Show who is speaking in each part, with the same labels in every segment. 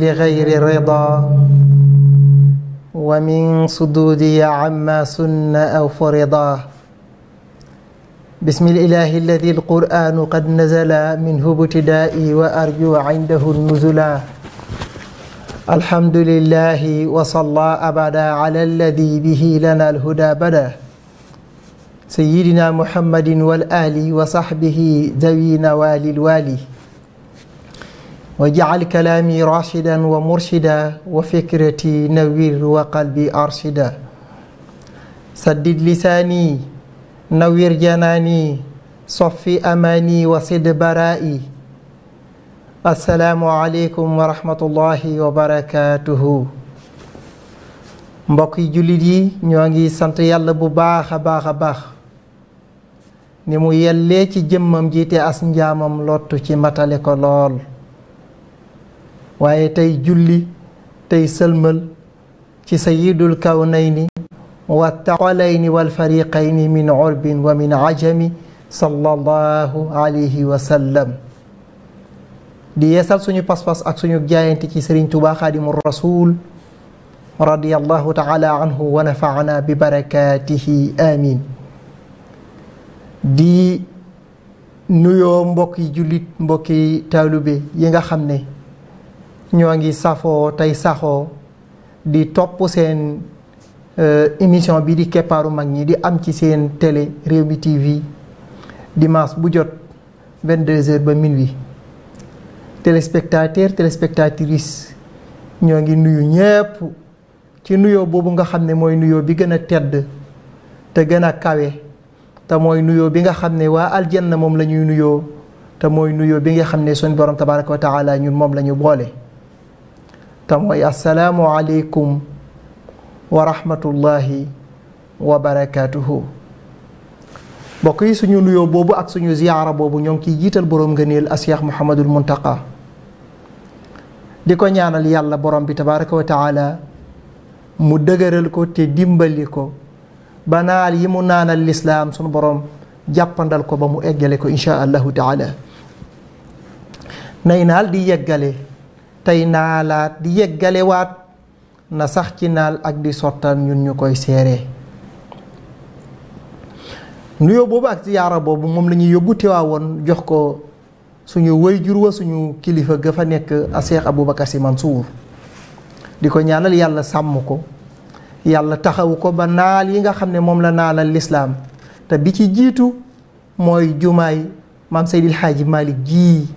Speaker 1: بغير رضا ومن صدودي عما سن أو فرضاه بسم الإله الذي القرآن قد نزل منه ابتدائي وأرجو عنده النزلا الحمد لله وصلى أبدا على الذي به لنا الهدى بدا سيدنا محمد والآل وصحبه ذوي نوال الوالي واجعل كلامي راشدا ومرشدا وفكرتي نوير وقلبي أرشدا سدد لساني نوير جناني صفي أماني وصد برائي asalaamu aleykum wa rahmatullahi wa barakaatuhu mbokk jullit yi ñoo ngi sant yàlla bu baax a baax a baax ni mu yellee ci jëmmam jiite as njaamam lottu ci matale ko lool waaye tey julli tey sëlmal ci sayidul kawnayni wa taqalayni wal fariqayni min urbin wa min ajami sallallahu alayhi wa sallam di yeesal suñu pas-pas ak suñu jaayante ci sëriñ Tuubaa xaadimu rasul radiyallahu taala anhu wa nafaana bi barakaatihi amin di nuyoo mbokki jullit mbokki taalube yi nga xam ne ñoo ngi safoo tey saxoo di topp seen euh, émission bi di keppaaru mag ñi di am ci seen télé Rewmi TV dimanche bu jot 22h ba minuit téléspectateur téléspectatrice ñoo ngi nuyu ñépp ci nuyoo boobu nga xam ne mooy nuyoo bi gën a tedd te gën a kawe te mooy nuyoo bi nga xam ne waa aljanna moom la ñuy nuyoo te mooy nuyoo bi nga xam ne suñ borom tabaraka wa ñun moom la ñu boole te mooy assalaamu aleykum wa rahmatullahi wa barakaatuhu yi suñu nuyoo boobu ak suñu ziyaara boobu ñoo ngi ciy jiital boroom ngëneel a Cheikh Mouhamadul Muntaqa ko ñaanal yàlla borom bi tabaaraka wa taala mu dëgëral ko te dimbali ko ba naal yi mu naanal lislaam suñu borom jàppandal ko ba mu eggale ko insha allahu taala nay naal di yeggale tey naalaat di yëggalewaat na sax ci naal ak di sottal ñun ñu koy seere nuyoo boobu ak ziyaara boobu moom la ñuy yóbbu Tiwaawoon jox ko suñu wayjur wa suñu kilifa ga fa nekk a Cheikh Aboubacar Sy Mansour di ko ñaanal yàlla sàmm ko yàlla taxawu ko ba naal yi nga xam ne moom la naalal lislaam te bi ci jiitu mooy jumaay maam Seydil Xaaji Malik ji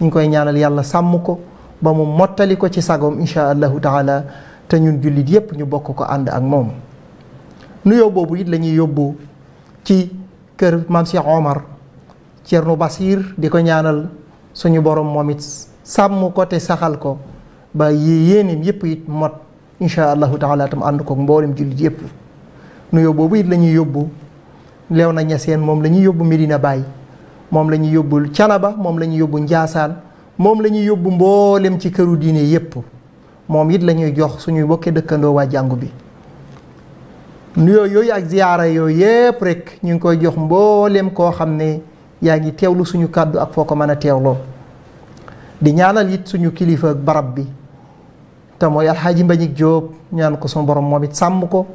Speaker 1: ñu koy ñaanal yàlla sàmm ko ba mu mottali ko ci sagoom incha allahu taala te ñun jullit yépp ñu bokk ko ànd ak moom nuyoo boobu it la ñuy yóbbu ci kër maam Cheikh Omar Basir di ko ñaanal suñu borom moom it sàmm ko saxal ko ba yéeneem yépp it mot incha allahu taala tam ànd ko mboolem jullit yépp nuyoo boobu it la ñuy yóbbu leew na ñeseen moom la ñuy yóbbu Medina Baye moom la ñuy yóbbu Canaba moom la ñuy yóbbu Njaasaan moom la ñuy yóbbu mboolem ci këru diine yépp moom it la ñuy jox suñuy bokkee dëkkandoo waa jàngu bi nuyoo yooyu ak ziyaara yooyu yépp rek ñu ngi koy jox mbooleem koo xam ne yaa ngi teewlu suñu kàddu ak foo ko mën a teewloo di ñaanal it suñu kilifa barab bi te mooy alxaaji Mbañik Jóob ñaan ko suñu boroom moom it sàmm ko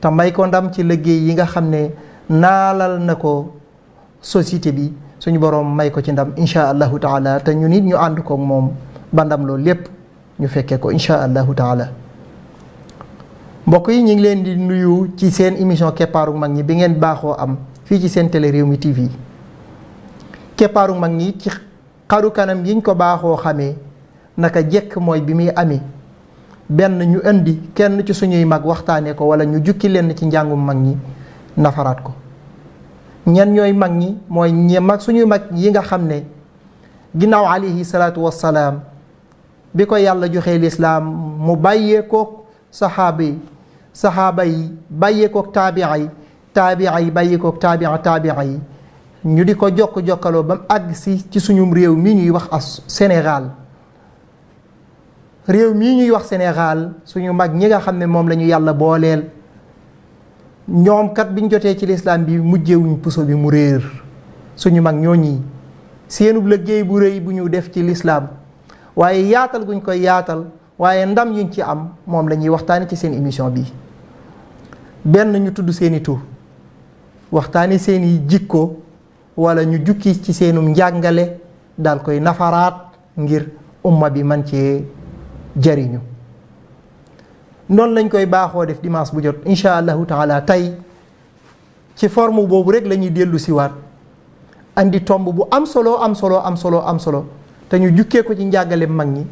Speaker 1: te may ko ndam ci liggéey yi nga xam ne naalal na ko société bi suñu boroom may ko ci ndam insha allahu taala te ñu nit ñu ànd kook moom ba ndam loolu lépp ñu fekkee ko insha allahu taala mbokk yi ñu ngi leen di nuyu ci seen émission keppaaru mag ñi bi ngeen baaxoo am fii ci seen télé Rewmi TV keppaaru mag ñi ci xaru kanam yiñ ko baaxoo xamee naka jekk mooy bi muy amee benn ñu indi kenn ci suñuy mag waxtaanee ko wala ñu jukki lenn ci njàngum mag ñi nafaraat ko ñan ñooy mag ñi mooy ñi mag suñuy mag yi nga xam ne ginnaaw alayhi salaatu salaam bi ko yàlla joxee lislaam mu bàyyeekook saxaaba yi saxaaba yi bàyyeekook taabia yi taabia yi bàyyeekook taabia taabia yi ñu di ko jokk jokkaloo ba mu àgg si ci suñum réew mi ñuy wax as Sénégal réew mii ñuy wax Sénégal suñu mag ñi nga xam ne moom lañu yàlla booleel ñoom kat biñ jotee ci lislaam bi mujjewuñ puso bi mu réer suñu mag ñooñi seenub liggéey bu rëy bu ñu def ci lislaam waaye yaatal guñ koy yaatal waaye ndam yuñ ci am moom la ñuy waxtaane ci seen émission bi benn ñu tudd seeni tu waxtaane seeni jikko wala ñu jukki ci seenum njàngale daal koy nafaraat ngir umma bi man cee jariñu noonu lañ koy baaxoo def dimanche bu jot incha allahu taala tey ci forme boobu rek lañuy ñuy dellu siwaat andi tomb bu am solo am solo am solo am solo te ñu jukkee ko ci njàngaleem mag ñi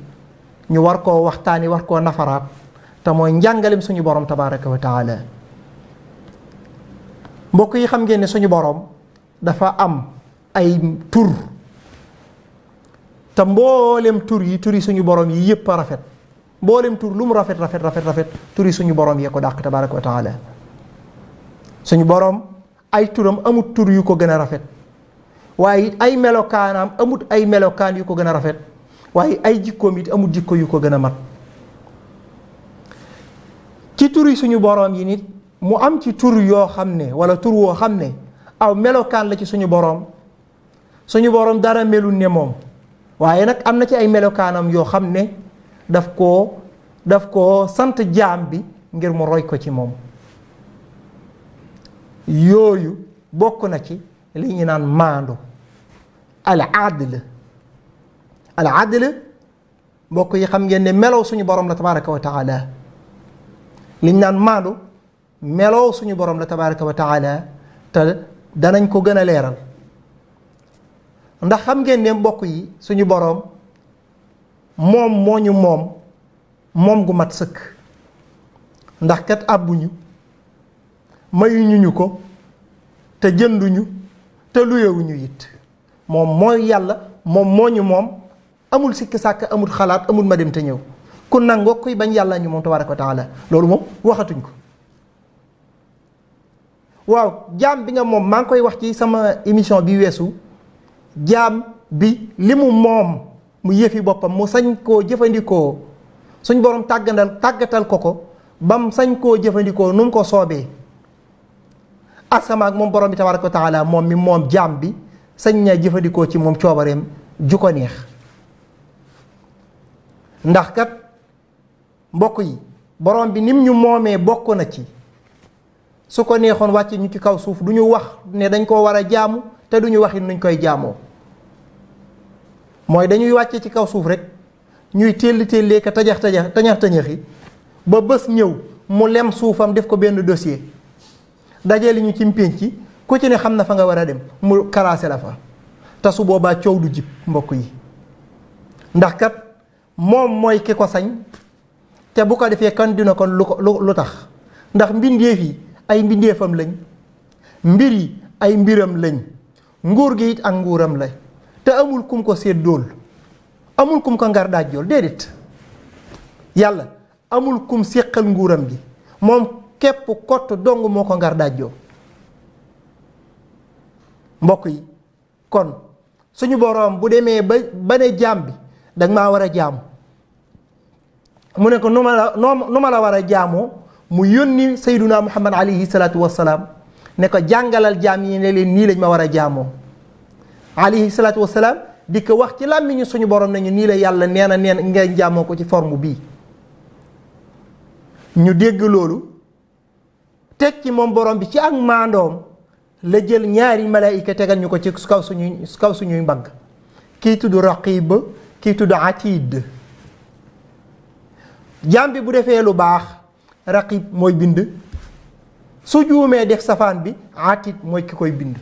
Speaker 1: ñu war koo waxtaani war koo nafaraat te mooy njàngaleem suñu borom tabaraka wa taala mbokk yi xam ngeen ne suñu boroom dafa am ay tur te mboolem tur yi turi suñu borom yi yëpp rafet. mboolem tur lu mu rafet rafet rafet rafet tur yi suñu borom yee ko dàq tabaraka wa taala suñu boroom ay turam amut tur yu ko gën a rafet waaye ay melokaanaam amut ay melokaan yu ko gën a rafet waaye ay jikkoom it amut jikko yu ko gën a mat ci tur yi suñu borom yi nit mu am ci tur yoo xam ne wala tur woo xam ne aw melokaan la ci suñu boroom suñu borom dara melu ne moom waaye nag am na ci ay melokaanam yoo xam ne. daf ko daf ko sant jaam bi ngir mu roy ko ci moom yooyu bokk na ci li ñu naan maandu al adl al adl mbokk yi xam ngeen ne melow suñu borom la tabaraka wa taala liñ naan maandu melow suñu borom la tabaraka wa taala te danañ ko gën a leeral ndax xam ngeen ne mbokk yi suñu borom moom moo ñu moom moom gu mat sëkk ndax kat àbbuñu mayuñuñu ko te jënduñu te luyewuñu it moom mooy yàlla moom moo ñu moom amul sikki sàkk amul xalaat amul ma dem te ñëw ku nangoo kuy bañ yàlla ñu moom tabaraka wa taala loolu moom waxatuñ ko waaw jaam bi nga moom maa ngi koy wax ci sama émission bi weesu jaam bi li mu moom mu yëfi boppam mu sañ koo jëfandikoo suñ borom tàggatal tàggatal ko ko bam sañ koo jëfandikoo nu mu ko soobee asamaa ak moom borom bi tabaaraka ko taala moom mi moom jaam bi sañ naa jëfandikoo ci moom coobareem ju ko neex ndax kat mbokk yi borom bi nim ñu moomee bokk na ci su ko neexoon wàcc ñu ci kaw suuf du ñu wax ne dañ koo war a jaamu te du ñu waxin nuñ koy jaamoo mooy dañuy wàcce ci kaw suuf rek ñuy telli tellee tajax tajax tañax tañaxi ba bés ñëw mu lem suufam def ko benn dossier dajale ñu ci mpénc ku ci ne xam na fa nga war a dem mu karaase la fa te su boobaa coow du jib mbokk yi ndax kat moom mooy ki ko sañ te bu ko defee kan dina kon lu ko lu tax ndax mbindeef yi ay mbindeefam lañ mbir yi ay mbiram lañ nguur gi it ak nguuram lañ te amul kum ko séddool amul kum ko ngar dajjool déedéet yàlla amul kum séqal nguuram gi moom képp kott dong moo ko ngar dajjool mbokk yi kon suñu boroom bu demee ba ba ne jaam bi danga maa war a jaamu mu ne ko nu ma la nu ma la war a jaamoo mu yónni sayduna muhammad alayhi salaatu wasalaam ne ko jàngalal jaam yi ne leen nii lañ ma war a jaamoo alayhi salaatu wasalaam di ko wax ci làmmiñu suñu borom nañu nii la yàlla neena na neen nga ko ci forme bii ñu dégg loolu teg ci moom borom bi ci ak maandoom la jël ñaari malaayika tegal ñu ko ci kaw suñuy kaw suñuy mbagg kii tudd raqib kii tudd atid jaam bi bu defee lu baax raqib mooy bind su juumee def safaan bi atid mooy ki koy bind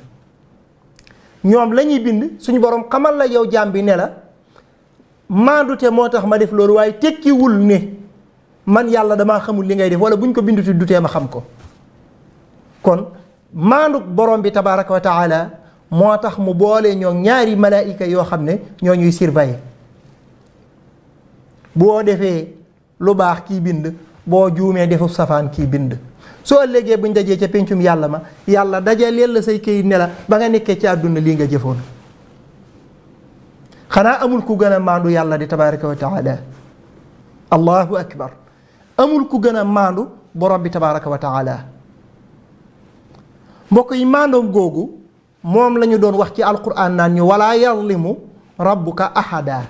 Speaker 1: ñoom lañuy bind suñu borom xamal la yow jàmbi bi ne la maandute moo tax ma def loolu waaye tekkiwul ne man yàlla damaa xamul li ngay def wala buñ ko binduti dutee ma xam ko kon maanduk borom bi tabaraka wa moo tax mu boole ñoo ñaari malaayika yoo xam ne ñoo ñuy surveiller boo defee lu baax kii bind boo juumee defu safaan kii bind soo ëllëgee buñ dajee ca pencum yàlla ma yàlla dajaleel la say këyit ne la ba nga nekkee ci àdduna lii nga jëfoon xanaa amul ku gën a maandu yàlla di tabaraka wa taala allahu akbar amul ku gën a maandu borom bi tabaraka wa taala mbokk yi màndoom googu moom la ñu doon wax ci alquran naan ñu wala yazlimu rabbuka ahada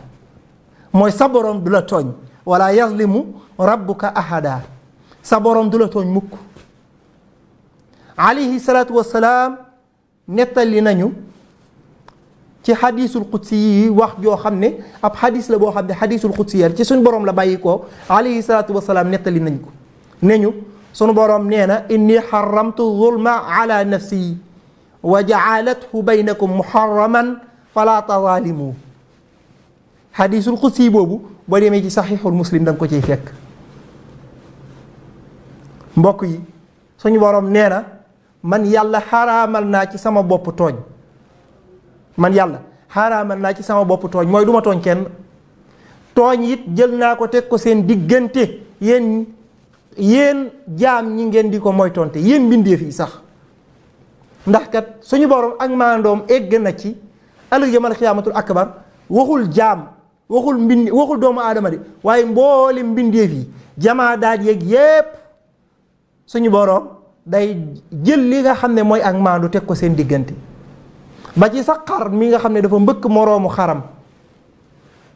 Speaker 1: mooy sa borom du la tooñ wala yazlimu rabbuka ahada sa boroom du la tooñ mukk alayhi salaatu wassalaam nettali nañu ci xadiisul xudsi yi wax joo xam ne ab xadis la boo xam ne xadiisul xudsi yi ci suñu borom la bàyyi ko alayhi salaatu wassalaam nettali nañ ko ne ñu sunu borom nee na inni xaramtu zulma ala nafsi wa jaalathu baynakum muharraman fala tazaalimu xadiisul xudsi boobu boo demee ci saxiixul muslim da nga ko ciy fekk mbokk yi suñu borom nee na man yàlla xaraamal naa ci sama bopp tooñ man yàlla xaraamal naa ci sama bopp tooñ mooy duma ma tooñ kenn tooñ it jël naa ko teg ko seen diggante yéen yéen jaam ñi ngeen di ko moytonte yéen mbindeef yi sax ndax kat suñu borom ak maandoom egg na ci ëllëg yawmal xiyaamatul akbar waxul jaam waxul mbind waxul doomu aadama waaye mbooli mbindeef yi jamaa daaj yeeg yépp suñu borom day jël li nga xam ne mooy ak maandu teg ko seen diggante ba ci sax xar mi nga xam ne dafa mbëkk moroomu xaram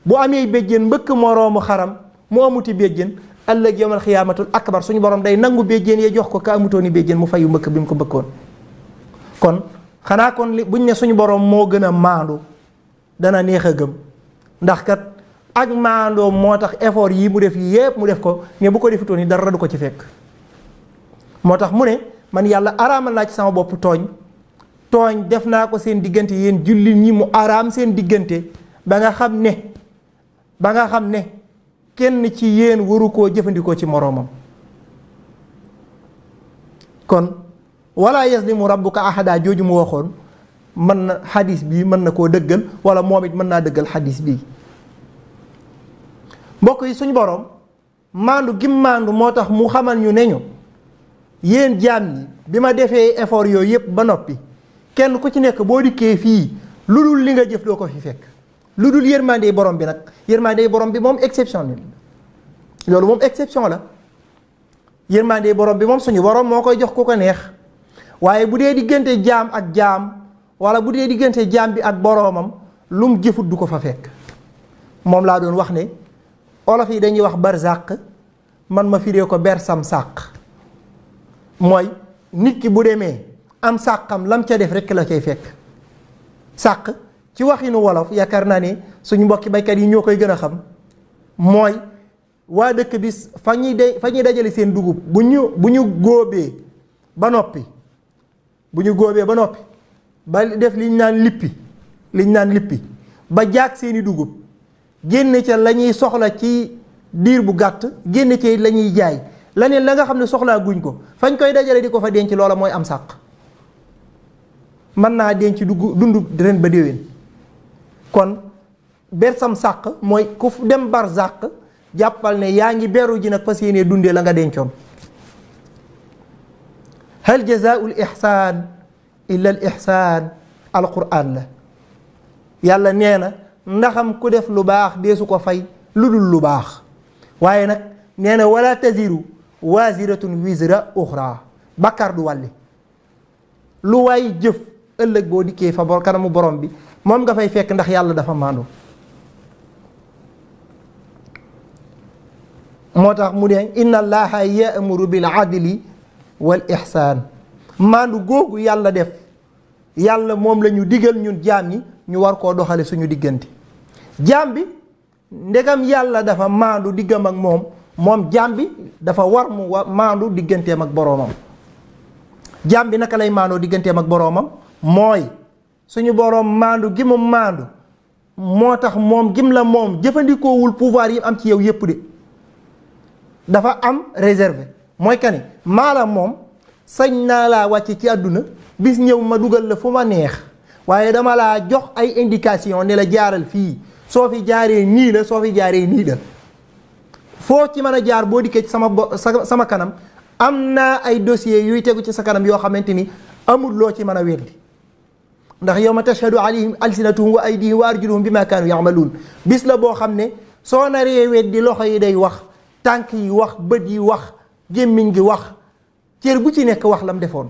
Speaker 1: bu amee béjjén mbëkk moroomu xaram mu amuti béjjén ëllëg yawmal xiyaamatul akbar suñu borom day nangu béjjén ya jox ko ka amutooni béjjén mu fayu mbëkk bi mu ko mbëkkoon kon xanaa kon li buñ ne suñu boroom moo gën a maandu dana neex a gëm ndax kat ak maandoom moo tax effort yi mu def yépp mu def ko mais bu ko defutoon ni dara du ko ci fekk moo tax mu ne man yàlla araamal naa ci sama bopp tooñ tooñ def naa ko seen diggante yéen julli nii mu araam seen diggante ba nga xam ne ba nga xam ne kenn ci yéen waru koo jëfandikoo ci moroomam kon wala yaslimu ko ahada jooju mu waxoon mën na xadis bii mën na koo dëggal wala moom it mën naa dëggal xadis bii mbokk yi suñu boroom maandu gim maandu moo tax mu xamal ñu ne ñu yéen jaam ñi bi ma defee effort yooyu yëpp ba noppi kenn ku ci nekk boo dikkee fii lu dul li nga jëf doo ko fi fekk lu dul yërmandey borom bi nag yërmandey borom bi moom exception la loolu moom exception la yërmandey borom bi moom suñu borom moo koy jox ku ko neex waaye bu dee diggante jaam ak jaam wala bu dee diggante jaam bi ak boromam lu mu jëfut du ko fa fekk moom laa doon wax ne olof yi dañuy wax barzàq man ma firee ko bersam sàq mooy nit ki bu demee am sàqam lam ca def rekk la cay fekk sàq ci waxinu wolof yaakaar naa ne suñu mbokki baykat yi ñoo koy gën a xam mooy waa dëkk bi fa ñuy de fa dajale seen dugub bu ñu bu ñu góobee ba noppi bu góobee ba noppi ba def liñ naan lippi liñ naan lippi ba jaag seeni dugub génn ca lañuy soxla ci diir bu gàtt génn ca la ñuy jaay leneen la nga xam ne soxlaa guñ ko fañ koy dajale di ko fa denc loola mooy am sàq mën naa denc dugg dund ren ba déwén kon bersam sàq mooy ku dem bar sàq jàppal ne yaa ngi beru ji nag fas yéenee dundee la nga dencoon hal jazaa'ul ihsaan illa al ihsaan la yàlla nee na ndaxam ku def lu baax deesu ko fay lu dul lu baax waaye nag nee na wala taziru waziratun wizra uxra bàkkaar du wàlli lu waay jëf ëllëg boo dikkee fa kanamu borom bi moom nga fay fekk ndax yàlla dafa maandu moo tax mu ne inna allaha yaamuru adli wal ihsaan maandu googu yàlla def yàlla moom lañu ñu digal ñun jaam ñi ñu war koo doxale suñu diggante jaam bi ndegam yàlla dafa maandu diggam ak moom moom jaam bi dafa war mu wa maandu digganteem ak boroomam jaam bi naka lay maandoo digganteem ak boroomam mooy suñu boroom maandu gi mu maandu moo tax moom gim la moom jëfandikoowul pouvoir yi am ci yow yépp de dafa am réservé mooy kani maala moom sañ naa laa wàcce ci àdduna bis ñëw ma dugal la fu ma neex waaye dama laa jox ay indication ne la jaaral fii soo fi jaaree nii la soo fi jaaree nii la foo ci mën a jaar boo dikkee sama bo sama kanam am naa ay dossiers yuy tegu ci sa kanam yoo xamante ni amul loo ci mën a weddi ndax yow ma tashhadu alayhim alsinatuhum wa aydihim wa arjuluhum bi ma kaanu yamaluun bis la boo xam ne soo naree weddi loxo yi day wax tànk yi wax bët yi wax gémmiñ gi wax cër bu ci nekk wax la mu defoon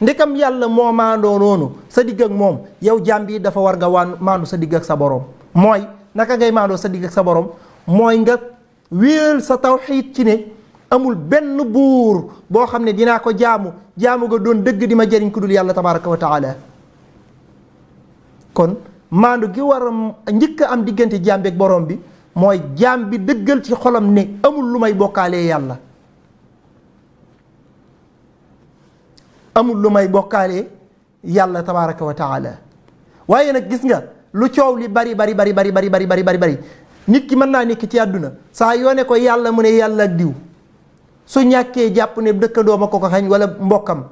Speaker 1: ndekam yàlla moo maandoo noonu sa digg ak moom yow jaam bi dafa war nga waan sa digg ak sa boroom mooy naka ngay maandoo sa borom wéel sa tawxiid ci ne amul benn buur boo xam ne dinaa ko jaamu jaamu nga doon dëgg di ma jëriñ ku dul yàlla tabaraka wa taala kon maandu gi war a njëkk a am diggante jaam bi ak borom bi mooy jaam bi dëggal ci xolam ne amul lu may bokkaalee yàlla amul lu may bokkaalee yàlla tabaraka wa waaye nag gis nga lu coow li bari bari bari bari bari bari bari bari bari nit ki mën naa nekk ci àdduna saa yoo ko yàlla mu ne yàlla diw su ñàkkee jàpp ne dëkkandoom dooma ko ko xañ walla mbokkam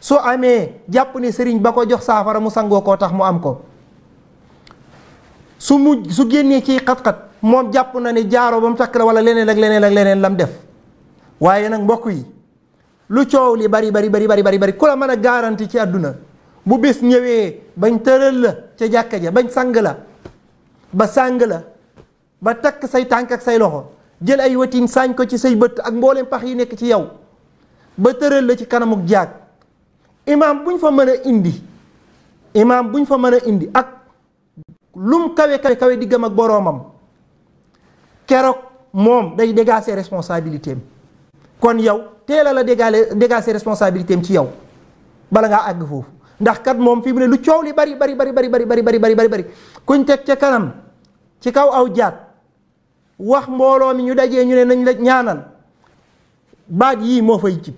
Speaker 1: su amee jàpp ne sëriñ ba ko jox saafara mu sangoo koo tax mu am ko su mu su génnee ci xat-xat moom jàpp na ne jaaro ba mu takk la wala leneen ak leneen ak leneen lam def waaye nag mbokk yi lu coow li bari bari bari bari bari bari ku la mën a garanti ci àdduna bu bés ñëwee bañ tëral la ca jàkka ja bañ sang la ba sang la ba takk say tànk ak say loxo jël ay watin saañ ko ci say bët ak mbooleem pax yi nekk ci yow ba tëral la ci kanamuk jaag imaam buñ fa mën a indi imaam buñ fa mën a indi ak lum kawe kawe kawe diggam ak boroomam keroog moom day dégager responsabilité am kon yow teela la dégaale dégager responsabilité am ci yow bala ngaa àgg foofu ndax kat moom fii mu ne lu coow li bari bari bari bari bari bari bari bari bari kuñ teg ca kanam ci kaw aw jaat wax mbooloo mi ñu dajee ñu ne nañ la ñaanal baat yii moo fay jib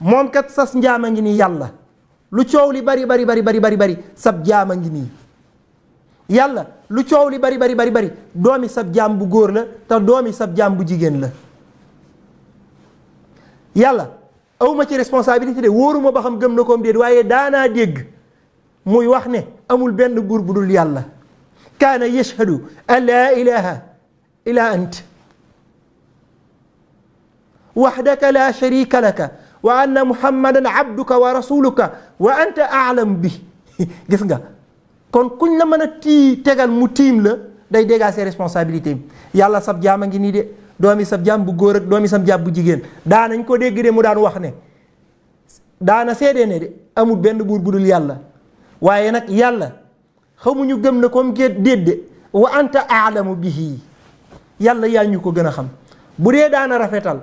Speaker 1: moom kat sas njaam a ngi nii yàlla lu coow li bari bari bari bari bari sab jaam a ngi nii yàlla lu coow li bari bari bari bari doomi sab jaam bu góor la te doomi sab jaam bu jigéen la yàlla awma ci responsabilité de wóoruma ba xam gëm na koom déet waaye daanaa dégg muy wax ne amul benn buur bu dul yàlla كان يشهد أن لا إله إلا أنت وحدك لا شريك لك وأن محمدا عبدك ورسولك وأنت أعلم به gis nga kon kuñ la mën a tii tegal mu tiim la day dégager responsabilité yàlla sab jaam a ngi nii de doomi sab jaam bu góor ak doomi sab jaam bu jigéen daanañ ko dégg de mu daan wax ne daana seede ne de amul benn buur bu dul yàlla waaye nag yàlla xamuñu gëm na comme géet déedéet wa anta bi bihi yàlla yaa ñu ko gën a xam bu dee daan a rafetal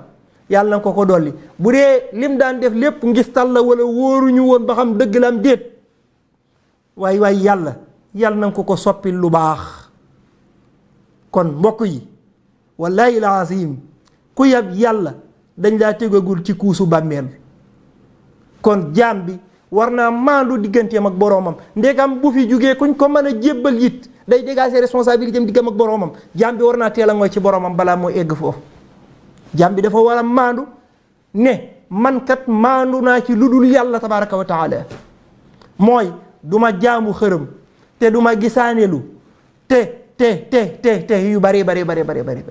Speaker 1: yàlla na ko ko dolli bu dee lim daan def lépp ngistal la wala wóoruñu woon ba xam dëgg la am déet waaye waaye yàlla yàlla na ko ko soppil lu baax kon mbokk yi wallahi alazim ku yab yàlla dañ laa tegagul ci kuusu bàmmeel kon jaam bi war naa maandu digganteem ak boroomam ndegam bu fi jógee kuñ ko mën a jébbal yit day dégager responsabilité am diggam ak boroomam jaam bi war naa teel a ngooy ci boroomam balaa moo egg foofu jaam bi dafa war a maandu ne mankat kat maandu naa ci lu dul yàlla tabaraka wa taala mooy duma ma jaamu xërëm te du ma gisaaneelu te te te te te yu bari bari bari bari bari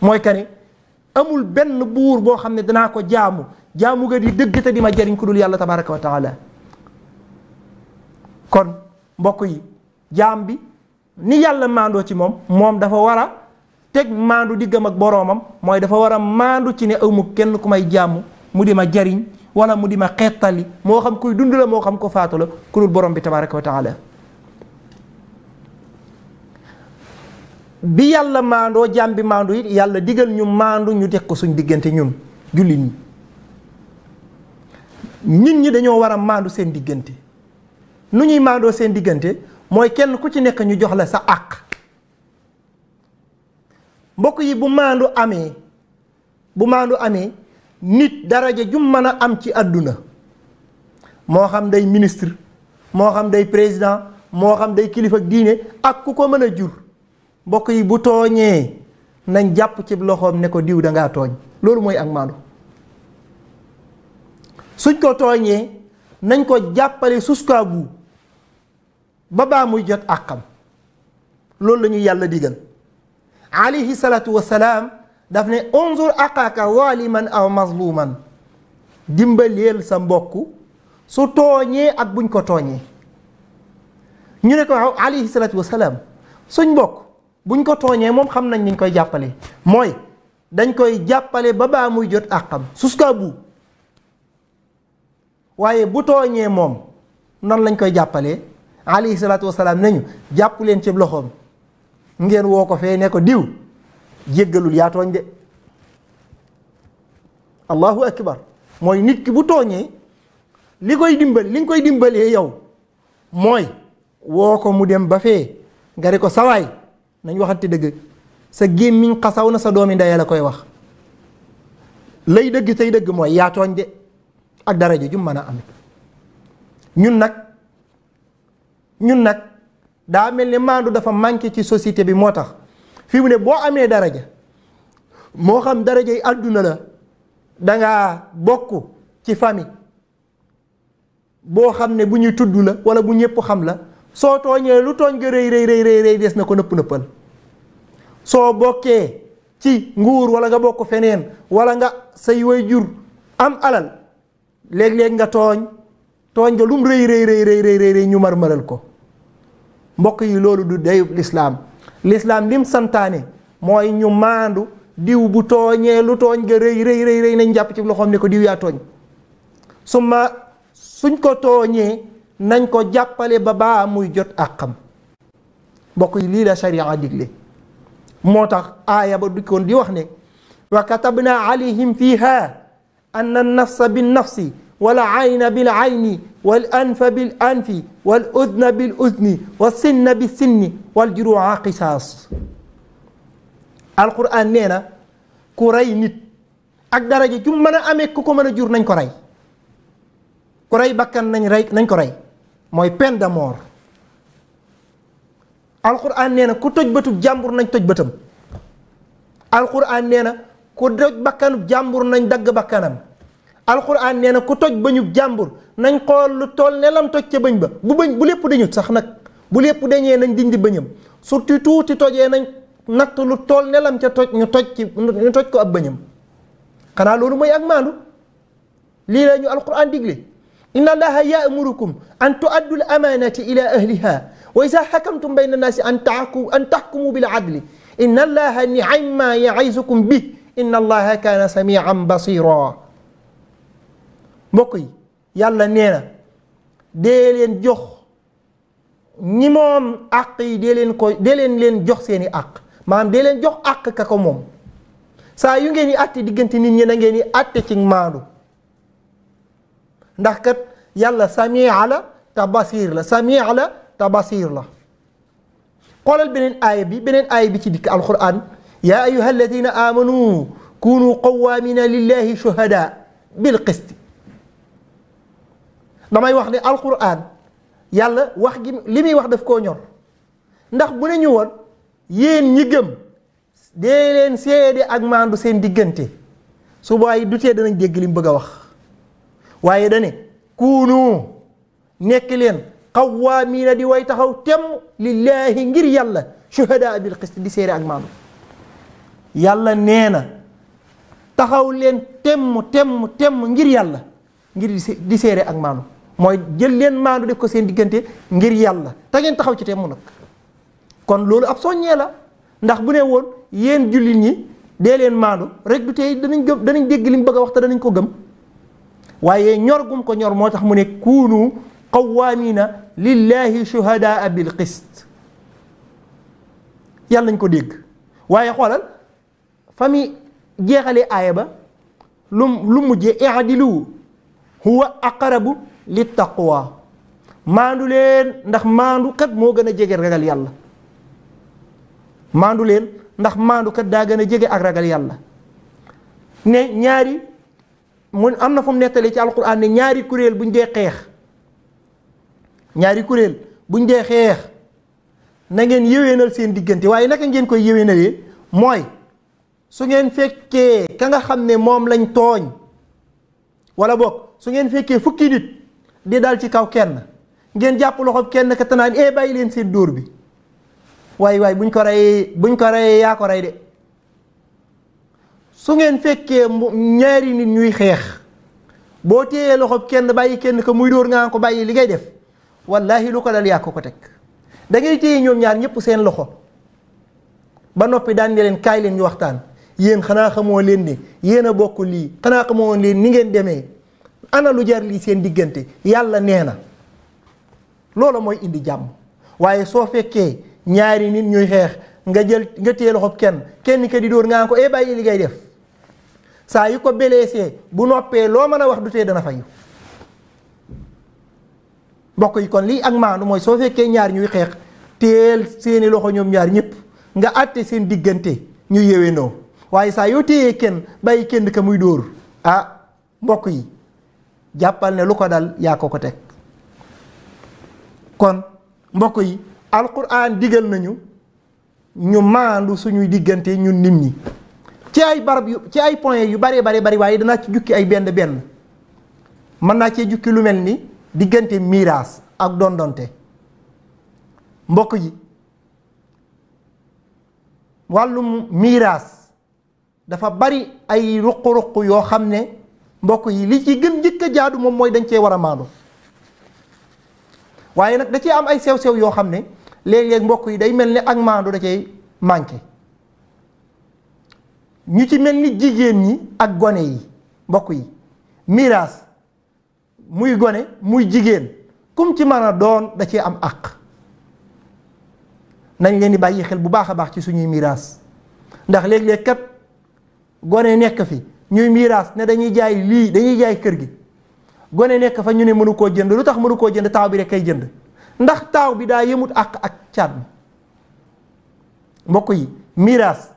Speaker 1: mooy kane amul benn buur boo xam ne danaa ko jaamu jaamu nga di dëgg ma jariñ ku dul yàlla tabaraka wa taala kon mbokk yi jaam bi ni yàlla maandoo ci moom moom dafa war a teg maandu diggam ak boroomam mooy dafa war a maandu ci ne amu kenn ku may jàmm mu di ma jariñ wala mu di ma xettali moo xam kuy dund la moo xam ko faatu la ku dul borom bi tabaraka wa taala bi yàlla maandoo jaam bi maandu yi yàlla digal ñu maandu ñu teg ko suñ diggante ñun julli ñi nit ñi dañoo war a maandu seen diggante nu ñuy maandoo seen diggante mooy kenn ku ci nekk ñu jox la sa àq mbokk yi bu maandu amee bu maandu amee nit daraja ju mën a am ci àdduna moo xam day ministre moo xam day président moo xam day kilifa diine ak ku ko mën a jur mbokk yi bu tooñee nañ jàpp ci loxoom ne ko diw da tooñ loolu mooy ak maandu suñ ko tooñee nañ ko jàppale suskaabu bout ba baa muy jot àqam loolu la ñu yàlla digal alayhi salaatu wasalaam daf ne unzur aqaaka waliman aw mazluman dimbaleel sa mbokk su tooñee ak buñ ko tooñee ñu ne ko waaw alayhi salaatu suñ mbokk buñ ko tooñee moom xam nañ niñ koy jàppale mooy dañ koy jàppale ba baa muy jot àqam jusqu'à bout waaye bu tooñee moom nan lañ koy jàppalee alayhi salaatu wasalaam nañu jàpp leen ci loxoom ngeen woo ko fee ne ko diw jéggalul yaa de allahu akbar mooy nit ki bu tooñee li koy dimbal li nga koy dimbalee yow mooy woo ko mu dem ba fee nga di ko sawaay nañ waxante dëgg sa gémmiñ xasaw na sa doomi ndey la koy wax lay dëgg tey dëgg mooy yaa de ak daraja ju mën a am ñun nag ñun nag daa mel ne maandu dafa manqué ci société bi moo tax fii mu ne boo amee daraja moo xam daraja yi àdduna la dangaa bokk ci famille boo xam ne bu ñuy tudd la wala bu ñëpp xam la soo tooñee lu tooñ ga rëy rëy rëy rëy des na ko nëpp nëppal soo bokkee ci nguur wala nga bokk feneen wala nga say way jur am alal léeg-léeg nga tooñ tooñ nga lum rëy rëy rëy rëy rëy rëy ko mbokk yi loolu du dayub lislaam lislaam lim santaane mooy ñu maandu diw bu tooñee lu tooñ nga rëy rëy rëy nañ jàpp ci loxoom ne ko diw yaa tooñ su ma suñ ko tooñee nañ ko jàppale ba baa muy jot àqam mbokk yi lii la sharia digle moo tax aaya ba du koon di wax ne wa katabna alayhim fiha أن النفس بالنفس والعين بالعين والأنف بالأنف والأذن بالأذن والسن بالسن والجروع قصاص alquran nee na ku rey nit ak daraja ju mën a ku ko mën jur nañ ko rey ku rey bakkan nañ rey nañ ko rey mooy peine de mort alquran nee na ku toj bëtu jàmbur nañ toj bëtam alquran nee na ku doj bakkanub jàmbur nañ dagg bakkanam alxuraan nee na ku toj bañub jàmbur nañ xool lu tool ne toj ca bëñ ba bu bëñ bu lépp dañut sax nag bu lépp dañee nañ dindi bëñam surtout tuuti tojee nañ natt lu tool ne lam ca toj ñu toj ci ñu toj ko ab bëñam xanaa loolu mooy ak maandu lii la ñu alxuraan digle inna allaha yaamurukum an tuaddul amaanati ila ahliha wa isa xakamtum bayna annaasi an taxkumu bil adli inna allaha ni'amma ya'izukum bi inna allaha kaana samian basira mbokk yi yàlla nee na dee leen jox ñi moom àq yi dee leen ko dee leen leen jox seeni àq maanaam dee leen jox àq ka ko moom saa yu ngeen di àtte diggante nit ñi na ngeen di àtte ci maandu ndax kat yàlla samia la te basiir la samia la te basiir la xoolal beneen aaya bi beneen aaya bi ci dikk alquran yaa ayyuha alladina amanu kunu qawaamina lillahi shuhada bil qist damay wax ne alquran yàlla wax gi li muy wax def koo ñor ndax bu ñu woon yéen ñi gëm seede ak maandu seen diggante su boobaa yi dutee danañ dégg li mu bëgg a wax waaye dane kuunu nekk leen qawaamiina di way taxaw temm lillaahi ngir yàlla shuhadaa bil qist di seede ak maandu yàlla nee na taxaw leen temm temm temm ngir yàlla ngir di di seere ak maanu mooy jël leen maanu def ko seen diggante ngir yàlla te ngeen taxaw ci temm nag kon loolu ab soññee la ndax bu ne woon yéen jullit ñi dee leen maandu rek du tey danañ danañ dégg li mu bëgg a wax te danañ ko gëm waaye ñor gum ko ñor moo tax mu ne kuunu qawaamina lillahi shuhadaa bil qist yàlla nañ ko dégg waaye xoolal fa mi jeexalee aaya ba lu lu mujjee i'dilu huwa aqrabu lit taqwa maandu leen ndax maandu moo gën a jege ragal yàlla maandu leen ndax maandu daa gën a jege ak ragal yàlla ne ñaari mu am na fu mu nettalee ci alquran ne ñaari kuréel bu buñ dee xeex ñaari kuréel buñ dee xeex na ngeen yéwénal seen diggante waaye naka ngeen koy yéwénalee mooy su ngeen fekkee ka nga xam ne moom lañ tooñ wala bokk su ngeen fekkee fukki nit di dal ci kaw kenn ngeen jàpp loxob kenn ka tanaan ee eh, bàyyi leen seen dóor bi waaye waay buñ ko rey buñ ko reyee yaa ko rey de su ngeen fekkee ñaari nit ñuy xeex boo téyee loxob kenn bàyyi kenn ka muy dóor ngaa ko bàyyi li ngay def wallaahi lu ko dal yàq ko teg da ngay téye ñoom ñaar ñëpp seen loxo ba noppi daan nga leen kaay leen ñu waxtaan yéen xanaa xamoo leen ni yéen a bokk lii xanaa xamoo leen ni ngeen demee ana lu jar lii seen diggante yàlla nee na loolu mooy indi jàmm waaye soo fekkee ñaari nit ñuy xeex nga jël nga téye loxob kenn kenn ka di dóor nga ko e bàyyi li ngay def saa yi ko blessé bu noppee loo mën a wax du tee dana fay mbokk yi kon lii ak maandu mooy soo fekkee ñaar ñuy xeex teel seeni loxo ñoom ñaar ñépp nga àtte seen diggante ñu yéwénoo waaye saa yow téyee kenn bàyyi kenn ka muy dóor ah mbokk yi jàppal ne lu ko dal yaa ko teg kon mbokk yi alquran digal nañu ñu maandu suñuy diggante ñun nit ñi ci ay barab yu ci ay point yu bari bari bari waaye danaa ci jukki ay benn benn mën naa cee jukki lu mel ni diggante miraas ak dondonte mbokk yi wàllum miraas dafa bari ay ruq-ruq yoo xam ne mbokk yi li ci gën njëkk a jaadu moom mooy dañ cee war a maandu waaye nag da cee am ay sew-sew yoo xam ne léeg-léeg mbokk yi day mel ni ak maandu da cay manqué ñu ci mel ni jigéen ñi ak gone yi mbokk yi miraas muy gone muy jigéen kum ci mën a doon da cee am àq nañ leen di bàyyi xel bu baax a baax ci suñuy miraas ndax léeg-léeg kat gone nekk fi ñuy miiras ne dañuy jaay lii dañuy jaay kër gi gone nekk fa ñu ne mënu koo jënd lu tax mënu koo jënd taaw bi rek kay jënd ndax taaw bi daa yëmut àq ak caat mbokk yi miiras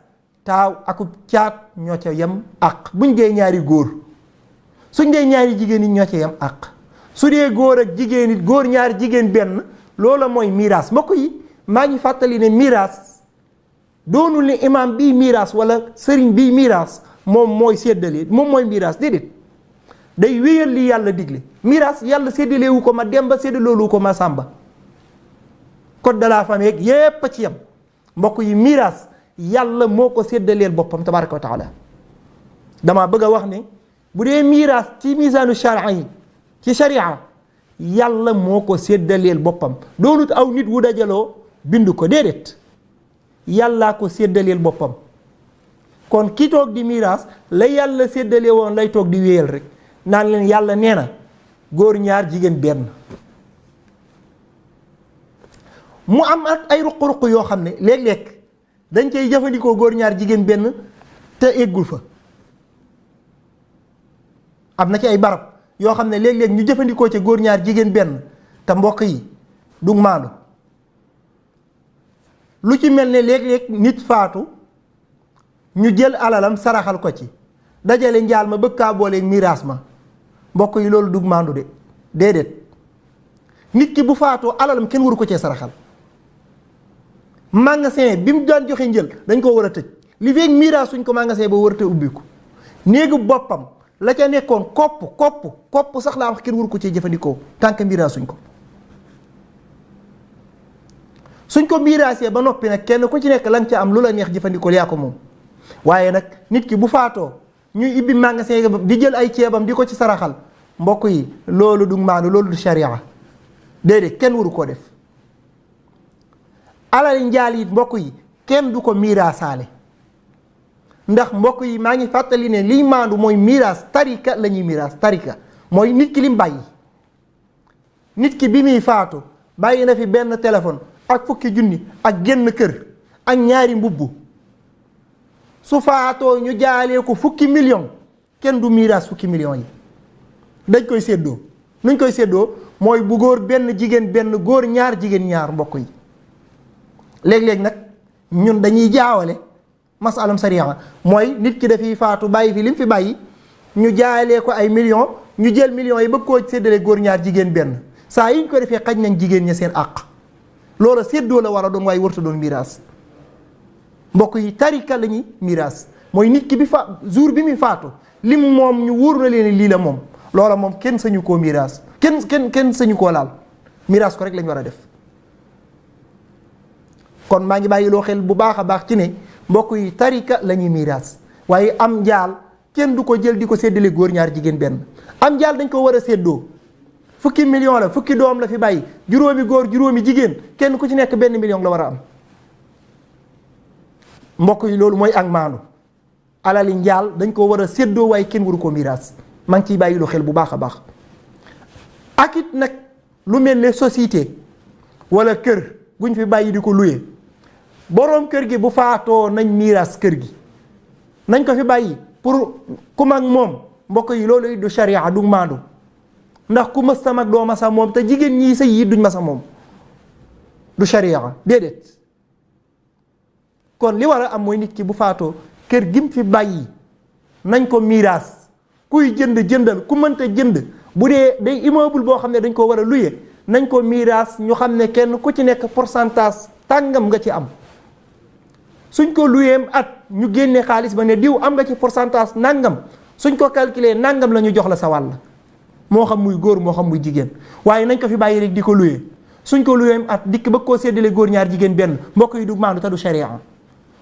Speaker 1: taaw akub caat ñoo ca yem àq buñ dee ñaari góor suñ dee ñaari jigéen yi ñoo ca yem àq su dee góor ak jigéen it góor ñaari jigéen benn loolu mooy miiras mbokk yi maa ngi fàttali ne miiras doonul li imaam bii miiras wala sëriñ bii miiras moom mooy séddale moom mooy miiras déedéet day wéyal li yàlla digle miiras yàlla séddalewu ko ma demba séddaloolu ko ma sàmba code de la famille yépp a ci yam mbokk yi miiras yàlla moo ko séddaleel boppam tabaraka wa dama bëgg a wax ne bu dee miiras ci misaanu charia yi ci charia yàlla moo ko séddaleel boppam doonut aw nit wu dajaloo bind ko déedéet yàllaa ko séddaleel boppam kon ki toog di miraas la yàlla séddale woon lay toog di wéyal rek naa leen yàlla nee na góor ñaar jigéen benn mu am ak ay ruq-ruq yoo xam ne léeg-léeg dañ cay jëfandikoo góor ñaar jigéen benn te eggul fa am na ci ay barab yoo xam ne léeg-léeg ñu jëfandikoo ca góor ñaar jigéen benn te mbokk yi du maandu lu ci mel ne léeg-léeg nit faatu ñu jël alalam saraxal ko ci dajale njaal ma bëgg kaa booleeg miraas ma mbokk yi loolu dug maandu de déedéet nit ki bu faatoo alalam kenn waru ko cee saraxal magasin bi mu daan joxe njël dañ ko war a tëj li feeg miraas suñ ko magasin ba war a te ubbiku néegu boppam la ca nekkoon kopp kopp kopp sax laa wax kenn waru ko cee jëfandikoo tànk miraas ko suñ ko miiraasee ba noppi nag kenn ku ci nekk la nga ca am lu la neex jëfandikoo yaa ko moom waaye nag nit ki bu faatoo ñuy ibbi magasin di jël ay ceebam di ko ci saraxal mbokk yi loolu du maanu loolu du sharia déedéet kenn waru koo def alal njaal yi mbokk yi kenn du ko miiraasaale ndax mbokk yi maa ngi fàttali ne liy maandu mooy miiraas tarika la ñuy miiraas tarika mooy nit ki lim bàyyi nit ki bi muy faatu bàyyi na fi benn téléphone ak fukki junni ak génn kër ak ñaari mbubb su faatoo ñu jaalee ko fukki million kenn du miiraas fukki million yi dañ koy séddoo nuñ koy séddoo mooy bu góor benn jigéen benn góor ñaar jigéen ñaar mbokk yi léeg-léeg nag ñun dañuy jaawale masalam sariya mooy nit ki dafiy faatu bàyyi fi lim fi bàyyi ñu jaalee ko ay million ñu jël millions yi ba koo séddale góor ñaar jigéen benn saa yi ñu ko defee xaj nañ jigéen ña seen àq loola seddoo la war a doon waaye warta doon miraas mbokk yi tarika la ñuy miraas mooy nit ki bi fa jour bi muy faatu li moom ñu wóor na leen lii la moom loola moom kenn sañu koo miraas kenn kenn kenn sañu koo laal miraas ko rek lañ war a def kon maa ngi bàyyi loo xel bu baax a baax ci ne mbokk yi tarika lañuy ñuy miraas waaye am njaal kenn du ko jël di ko seddalee góor ñaar jigéen benn am njaal dañ koo war a seddoo fukki million la fukki doom la fi bàyyi juróomi góor juróomi jigéen kenn ku ci nekk benn million la war a am mbokk yi loolu mooy ak maanu alali njaal dañ ko war a séddoo waaye kenn waru ko miraas maa ngi ciy bàyyi lu xel bu baax a baax akit nag lu mel ni société wala kër guñ fi bàyyi di ko luye boroom kër gi bu faatoo nañ miraas kër gi nañ ko fi bàyyi pour ku mag moom mbokk yi loolu it du charia du maandu ndax ku mës sa mag doo masa moom te jigéen ñii sa yii duñ masa moom du sharia déedéet kon li war a am mooy nit ki bu faatoo kër gim fi bàyyi nañ ko miiraas kuy jënd jëndal ku mënta jënd bu dee day immeuble boo xam ne dañ ko war a luye nañ ko miiraas ñu xam ne kenn ku ci nekk pourcentage tàngam nga ci am suñ ko luyeem at ñu génne xaalis ba ne diw am nga ci pourcentage nangam suñ ko calculer nangam la ñu jox la sa wàll moo xam muy góor moo xam muy jigéen waaye nañ ko fi bàyyi rek di ko luye suñ ko luyeem at dikk ba koo séddale góor ñaar jigéen benn mbokk yi du maandu te du sharia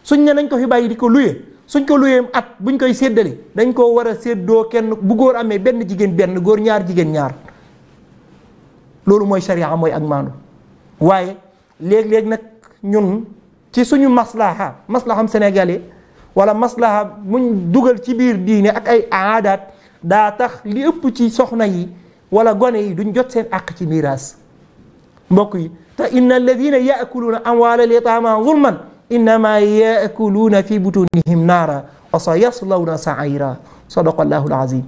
Speaker 1: suñ ne nañ ko fi bàyyi di ko luye suñ ko luyeem at buñ koy séddale dañ koo war a seddoo kenn bu góor amee benn jigéen benn góor ñaar jigéen ñaar loolu mooy sharia mooy ak maandu waaye léeg-léeg nag ñun ci suñu maslaha maslaham sénégalais wala maslaha muñ dugal ci biir diine ak ay aadaat daa tax li ëpp ci soxna yi wala gone yi duñ jot seen àq ci miiraas mbokk yi te inna alladina yaakuluuna amwaala zulman innama yaakuluuna fi butunihim naara wa sa yaslawna saira sadaqallahu alazim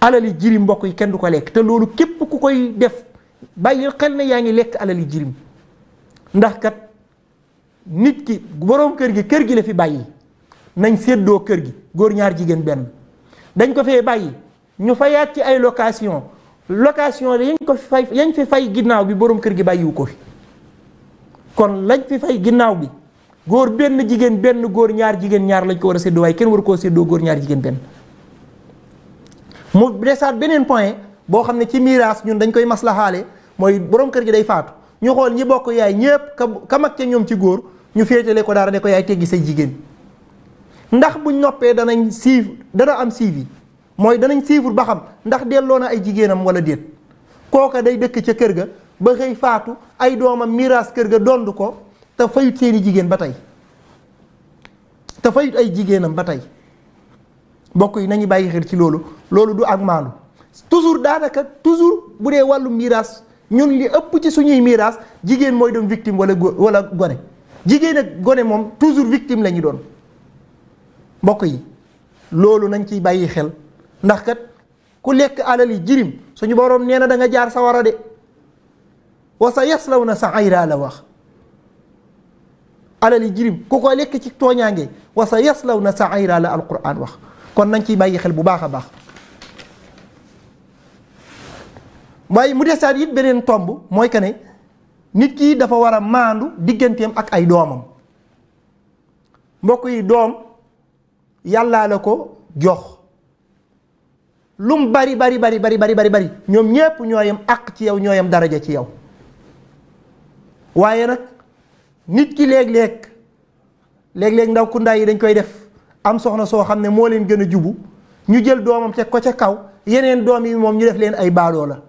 Speaker 1: alali jirim mbokk yi kenn du ko lekk te loolu képp ku koy def bàyyi xel ne yaa ngi lekk alali jirim ndax kat nit ki boroom kër gi kër gi la fi bàyyi nañ séddoo kër gi góor ñaar jigéen benn dañ ko fee bàyyi ñu fayaat ci ay location location yañ ko fi fay yañ fi fay ginnaaw bi borom kër gi bàyyiwu ko fi kon lañ fi fay ginnaaw bi góor benn jigéen benn góor ñaar jigéen ñaar lañ ko war a séddoo waaye kenn war koo séddoo góor ñaar jigéen benn mu desaat beneen point boo xam ne ci miraas ñun dañ koy maslaxaale mooy borom kër gi day faatu ñu xool ñi bokk yaay ñépp ka ka mag ca ñoom ci góor ñu féetale ko dara ne ko yaay teggi say jigéen ndax buñ noppee danañ suivre dana am suivi mooy danañ suivre ba xam ndax delloo na ay jigéenam wala déet kooka day dëkk ca kër ga ba xëy faatu ay doomam miraas kër ga dond ko te fayut seeni jigéen ba tey te fayut ay jigéenam ba tey mbokk yi nañu bàyyi xel ci loolu loolu du ak maandu toujours daanaka toujours bu dee wàllu miraas ñun li ëpp ci suñuy miraas jigéen mooy doon victime wala wala gone jigéen ak gone moom toujours victime la ñu doon mbokk yi loolu nañ ciy bàyyi xel ndax kat ku lekk yi jirim suñu boroom nee na danga jaar sa war a de wasa sa yaslaw na saira la wax alali jirim ku ko lekk ci tooñaange wa sa yaslaw na saira la alquran wax kon nañ ciy bàyyi xel bu baax a baax waaye mu desaat it beneen tomb mooy que ne nit ki dafa war a maandu digganteem ak ay doomam mbokk yi doom yàllaa la ko jox lum bari bari bari bari bari bari bari ñoom ñépp ñooyam àq ci yow ñooyam daraja ci yow waaye nag nit ki léeg-léeg léeg-léeg ndaw kundaay yi dañ koy def am soxna soo xam ne moo leen gën a jubu ñu jël doomam teg ko ca kaw yeneen doom yi moom ñu def leen ay baaloo la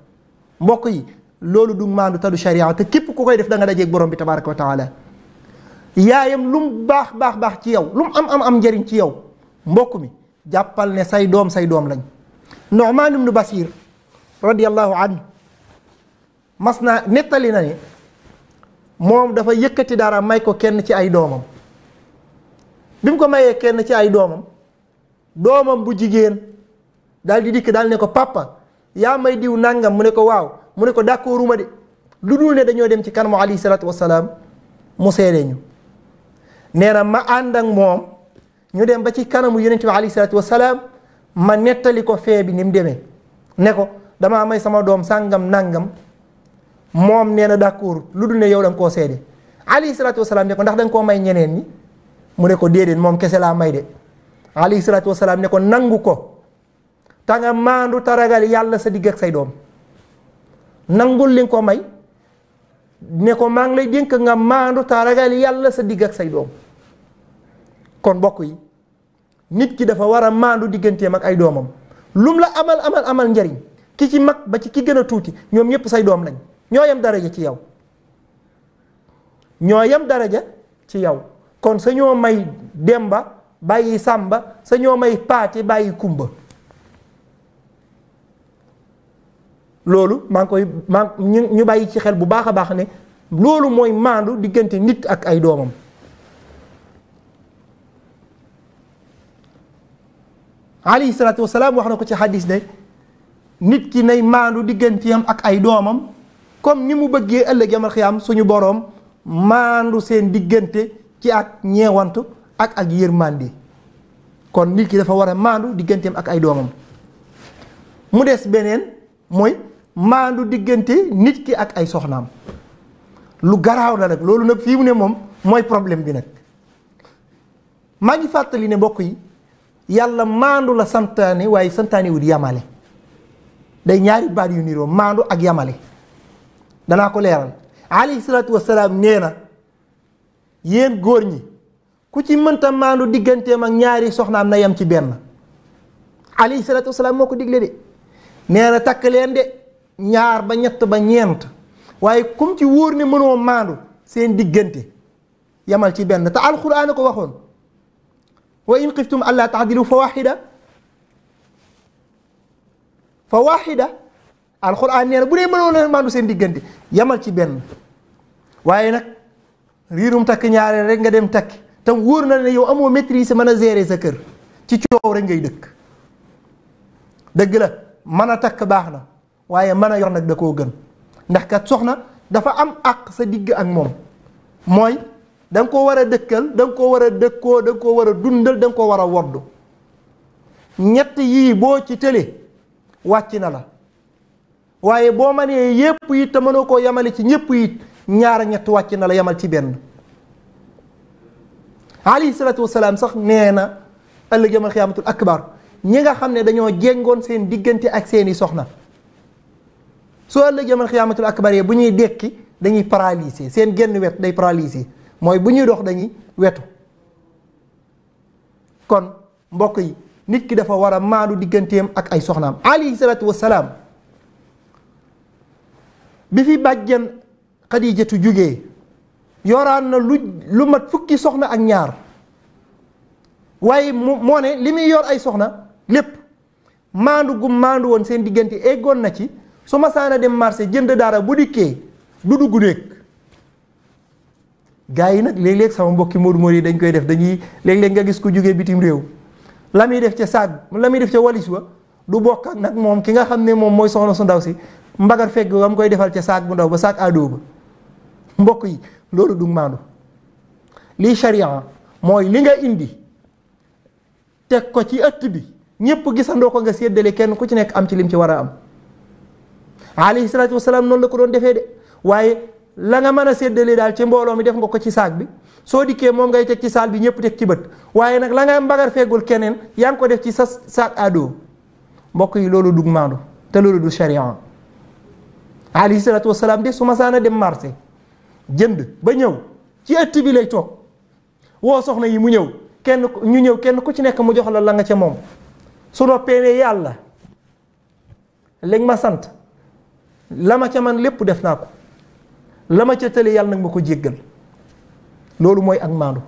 Speaker 1: mbokk yi loolu du maandu te du te képp ku koy def danga nga dajeeg borom bi tabaraka wa taala yaayam lum baax baax baax ci yow lum am am am njëriñ ci yow mbokk mi jàppal ne say doom say doom lañ Nu'man ibnu Basir radiyallahu anhu mas naa nettali na ne moom dafa yëkkati dara may ko kenn ci ay doomam bi mu ko mayee kenn ci ay doomam doomam bu jigéen daal di dikk daal ne ko papa yaa may diw nangam mu ne ko waaw mu ne ko d'accorduma de lu dul ne dañoo dem ci kanamu alayhi salaatu wasalaam mu seede ñu nee na ma àndak moom ñu dem ba ci kanamu yonent ci alayhi salaatu wasalaam ma nettali ko fee bi ni mu demee ne ko damaa may sama doom sàngam nangam moom nee na d'accord lu dul ne yow da koo seede alayhi salaatu wasalaam ne ko ndax da ko may ñeneen ñi mu ne ko déedéet moom kese laa may de alayhi salaatu wasalaam ne ko nangu ko ta maandu taragal yàlla sa digg say doom nangul li nga may ne ko maa ngi lay dénk nga maandu taragal yàlla sa digg say doom kon bokk yi nit ki dafa war a maandu digganteem ak ay doomam lum la amal amal amal njariñ ki ci mag ba ci ki gën a tuuti ñoom ñëpp say doom lañ ñoo yem daraja ci yow ñoo yem daraja ci yow kon sa ñoo may demba bàyyi sàmba sa ñoo may paate bàyyi kumba loolu maa ngi koy maa ñu bàyyi ci xel bu baax a baax ne loolu mooy maandu diggante nit ak ay doomam alayhi salaatu wasalaam wax na ko ci xadis ne nit ki nay maandu digganteem ak ay doomam comme ni mu bëggee ëllëg yamal xiyaam suñu boroom maandu seen diggante ci ak ñeewant ak ak yërmande kon nit ki dafa war a maandu digganteem ak ay doomam mu des beneen mooy maandu diggante nit ki ak ay soxnaam lu garaaw la nag loolu nag fii mu ne moom mooy problème bi nag maa ngi fàttali ne bokk yi. yàlla maandu la santaane waaye santaane wut yamale day ñaari baat yu niroo maandu ak yamale danaa ko leeral alayhi salaatu wasalaam nee na yéen góor ñi ku ci mënta maandu digganteem ak ñaari soxnaam na yem ci benn alayhi salaatu wasalaam moo ko digle de nee na takk leen de ñaar ba ñett ba ñeent waaye kum ci wóor ne mënoo maandu seen diggante yamal ci benn te alxuraan ko waxoon wa in xiftum allaa taadilu fa waxida fa waxida alxuraan nee na bu dee mënoo leen maandu seen diggante yamal ci benn waaye nag riirum takk ñaareel rek nga dem takk tam wóor na ne yow amoo maîtrise mën a gérer sa kër ci coow rek ngay dëkk dëgg la mën a takk baax na waaye mën a yor nag da koo gën ndax kat soxna dafa am àq sa digg ak moom mooy danga ko koo war a dëkkal danga nga koo war a dëkkoo da nga koo war a dundal danga nga koo war a woddu ñett yii boo ci tële wàcc na la waaye boo mënee yépp it te mënoo koo yemale ci ñépp it ñaar ñett wàcc na la yemal ci benn alayhi salaatu wasalaam sax nee na ëllëg yamal xiyaamatul akbar ñi nga xam ne dañoo jéngoon seen diggante ak seeni soxna soo ëllëg yamal xiyaamatul akbar yi bu ñuy dekki dañuy paralysé seen genn wet day paralysé mooy bu ñuy dox dañuy wetu kon mbokk yi nit ki dafa war a maandu digganteem ak ay soxnaam alayhi salaatu wasalaam bi fi bàjjan xadijatu jóge yoraan na lu mat fukki soxna ak ñaar waaye mu moo ne li muy yor ay soxna lépp maandu gu maandu woon seen diggante eggoon na ci su ma saana dem marché jënd dara bu dikkee du dugg néeg gaa yi nag léeg-léeg sama mbokki Modou Modou yi dañ koy def dañuy léeg-léeg nga gis ku jógee bitim réew la muy def ca saag la muy def ca walis wa du bokk ak nag moom ki nga xam ne moom mooy soxna su ndaw si mbagar fekk ba mu koy defal ca saag bu ndaw ba saag àddoo ba mbokk yi loolu du maandu lii charia mooy li nga indi teg ko ci ëtt bi ñëpp gisandoo ko nga séddale kenn ku ci nekk am ci lim ci war a am. alayhi salaatu wasalaam noonu la ko doon defee de waaye. la nga mën a séddale daal ci mbooloo mi def nga ko ci saak bi soo dikkee moom ngay teg ci saal bi ñëpp teg ci bët waaye nag la nga mbagar feegul keneen yaa ngi ko def ci sa saak àddoo mbokk yi loolu dug maandu te loolu du sharia alayhi salaatu wasalaam de su ma saana dem marché jënd ba ñëw ci ëtt bi lay toog woo soxna yi mu ñëw kenn ñu ñëw kenn ku ci nekk mu jox la la nga ca moom su noppee ne yàlla léegi ma sant la ma ca man lépp def naa ko la ma ca tële yàlla nag ma ko jéggal loolu mooy ak maandu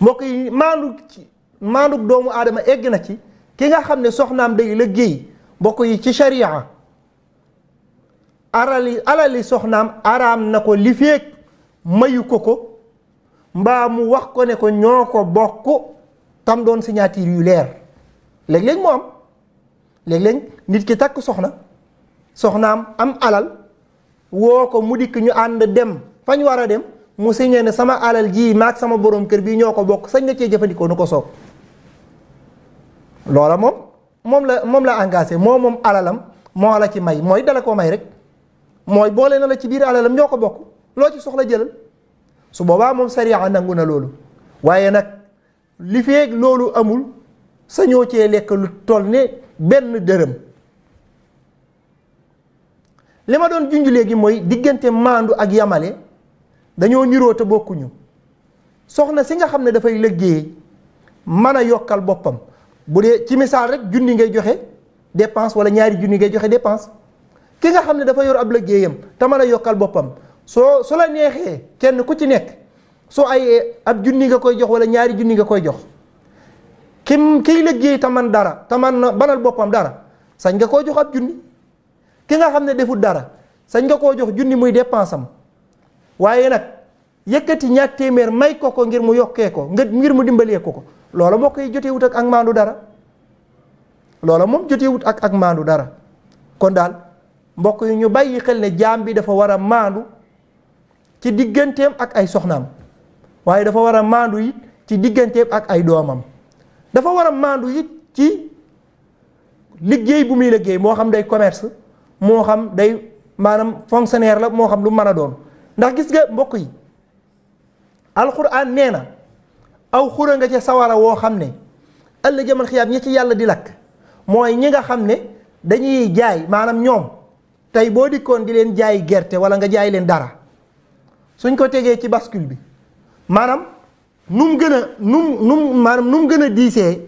Speaker 1: mbokk yi maandu ci maandu doomu aadama egg na ci ki nga xam ne soxnaam day liggéey mbokk yi ci sharia alali alali soxnaam araam na ko li feeg mayu ko ko mbaa mu wax ko ne ko ñoo ko bokk tam doon signature yu leer léeg-léeg mu am léeg-léeg nit ki takk soxna soxnaam am alal woo ko mu dikk ñu ànd dem fañ war a dem mu signé ne sama alal ji maag sama borom kër bii ñoo ko bokk sañ nga cee jëfandikoo nu ko soob loola moom moom la moom la engagé moo moom alalam moo la ci may mooy dala ko may rek mooy boole na la ci biir alalam ñoo ko bokk loo ci soxla jëlal su boobaa moom sariya nangu na loolu waaye nag li feeg loolu amul sañoo cee lekk lu toll ne benn dërëm li ma doon junj léegi mooy diggante maandu ak yamale dañoo niroo te bokkuñu soxna si nga xam ne dafay liggéey mën a yokkal boppam bu dee ci misaal rek junni ngay joxe dépense wala ñaari junni ngay joxe dépense ki nga xam ne dafa yor ab liggéeyam te mën a yokkal boppam soo su la kenn ku ci nekk soo ayee ab junni nga koy jox wala ñaari junni nga koy jox kim kiy léggéey te man dara te man banal boppam dara sañ nga koo jox ab junni ki nga xam ne deful dara sañ nga koo jox junni muy dépense am waaye nag yëkkati ñaar téeméer may ko ko ngir mu yokkee ko ngir mu dimbalee ko ko loola moo koy jotee wut ak ak maandu dara loola moom jotee wut ak ak maandu dara kon daal mbokk yi ñu bàyyi xel ne jaam bi dafa war a maandu ci digganteem ak ay soxnaam waaye dafa war a maandu it ci digganteem ak ay doomam dafa war a maandu it ci liggéey bu muy liggéey moo xam day commerce. moo xam day maanaam fonctionnaire la moo xam lu mën a doon ndax gis nga mbokk yi alxuraan nee na aw xura nga ca sawara woo xam ne ëllëg jamono xiyaam ñi ci yàlla di lakk mooy ñi nga xam ne dañuy jaay maanaam ñoom tey boo dikkoon di leen jaay gerte wala nga jaay leen dara suñ ko tegee ci bascule bi maanaam nu mu gën a nu mu nu mu maanaam nu mu gën a diisee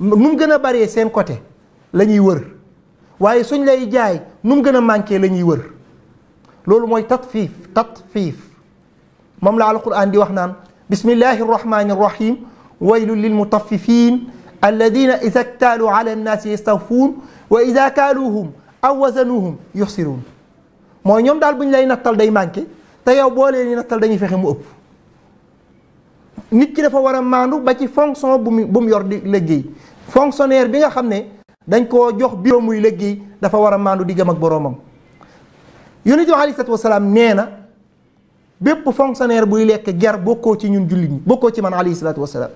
Speaker 1: nu mu gën a baree seen côté la ñuy wër waaye suñ lay jaay nu gën a manqué la ñuy wër loolu mooy tatfiif tatfiif moom la alquran di wax naan bismillahi arrahmani arrahim waylun lilmutaffifin alladina ida ktaaluu ala annaasi yastawfuun wa ida kaaluuhum aw wazanuhum yuxsiruun mooy ñoom daal bu ñu lay nattal day manqué te yow boo leen nattal dañuy fexe mu ëpp nit ki dafa war a maandu ba ci fonction mu yor di liggéey fonctionnaire bi nga xam ne dañ koo jox bureau muy liggéey dafa war a maandu diggam ak boroomam yonent bi alayhi nee na bépp fonctionnaire buy lekk ger bokkoo ci ñun jullit ñi bokkoo ci man alayhi salaatu wasalaam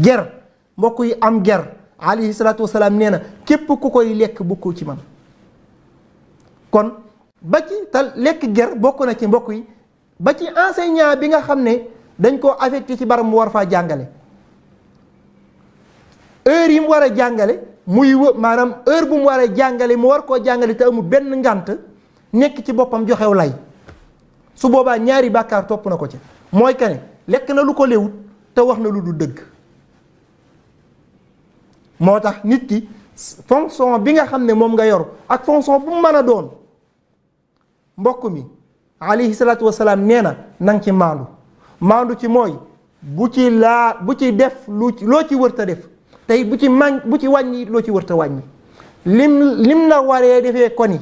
Speaker 1: ger mbokk yi am ger alayhi salaatu nee na képp ku koy lekk bokkoo ci man kon ba ci tal lekk ger bokk na ci mbokk yi ba ci enseignant bi nga xam ne dañ koo affecté ci baram mu war faa jàngale heure yi mu war a jàngale muy maanaam heure bu mu waree jàngalee mu war koo jàngale te amul benn ngant nekk ci boppam joxew lay su boobaa ñaari bàkkaar topp na ko ci mooy kane lekk na lu ko léwut te wax na lu du dëgg moo tax nit ki fonction bi nga xam ne moom nga yor ak fonction bu mu mën a doon mbokk mi alayhi salaatu wasalaam nee na nang ci maandu maandu ci mooy bu ci laa bu ci def lu loo ci wërta def tey bu ci man bu ci wàññi loo ci wërta wàññi lim lim la waree defee koni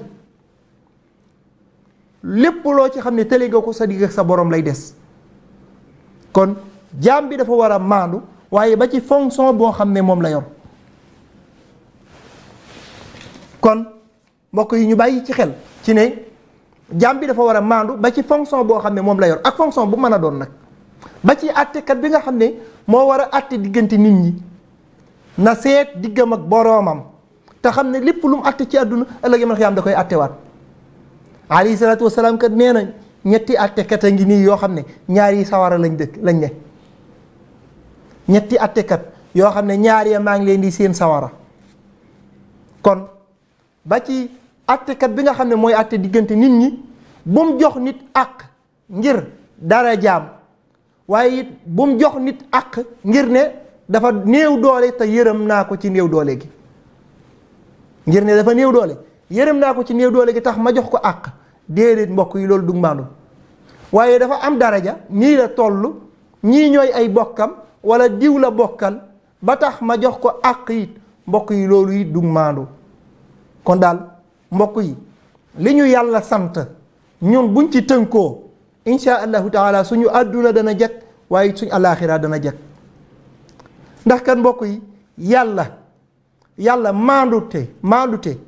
Speaker 1: lépp loo ci xam ne tële nga ko sa digg ak sa borom lay des kon jaam bi dafa war a maandu waaye ba ci fonction boo xam ne moom la yor kon mbokk yi ñu bàyyi ci xel ci ne jaam bi dafa war a maandu ba ci fonction boo xam ne moom la yor ak fonction bu mën a doon nag ba ci àttekat bi nga xam ne moo war a àtte diggante nit ñi na seet diggam ak boroomam te xam ne lépp lu mu atte ci àdduna ëllëg yawmal xiyaam da koy attewaat alayhi salaatu wasalaam kat nee na ñetti attekat a ngi nii yoo xam ne ñaari sawara lañ dëkk lañ ne ñetti attekat yoo xam ne ñaar ya maa leen di seen sawara kon ba ci attekat bi nga xam ne mooy atte diggante nit ñi bu mu jox nit àq ngir dara jaam waaye it bu mu jox nit àq ngir ne dafa néew doole te yërëm naa ko ci néew doole gi ngir ne dafa néew doole yërëm naa ko ci néew doole gi tax ma jox ko àq déedéet mbokk yi loolu du maandu waaye dafa am daraja nii la toll ñii ñooy ay bokkam wala diw la bokkal ba tax ma jox ko àq mbokk yi loolu it du kon daal mbokk yi li ñu yàlla sant ñun buñ ci tënkoo insha allahu taala suñu àdduna dana jag waaye suñu alaaxira dana jag ndax kan mbokk yi yàlla yàlla maandute maandute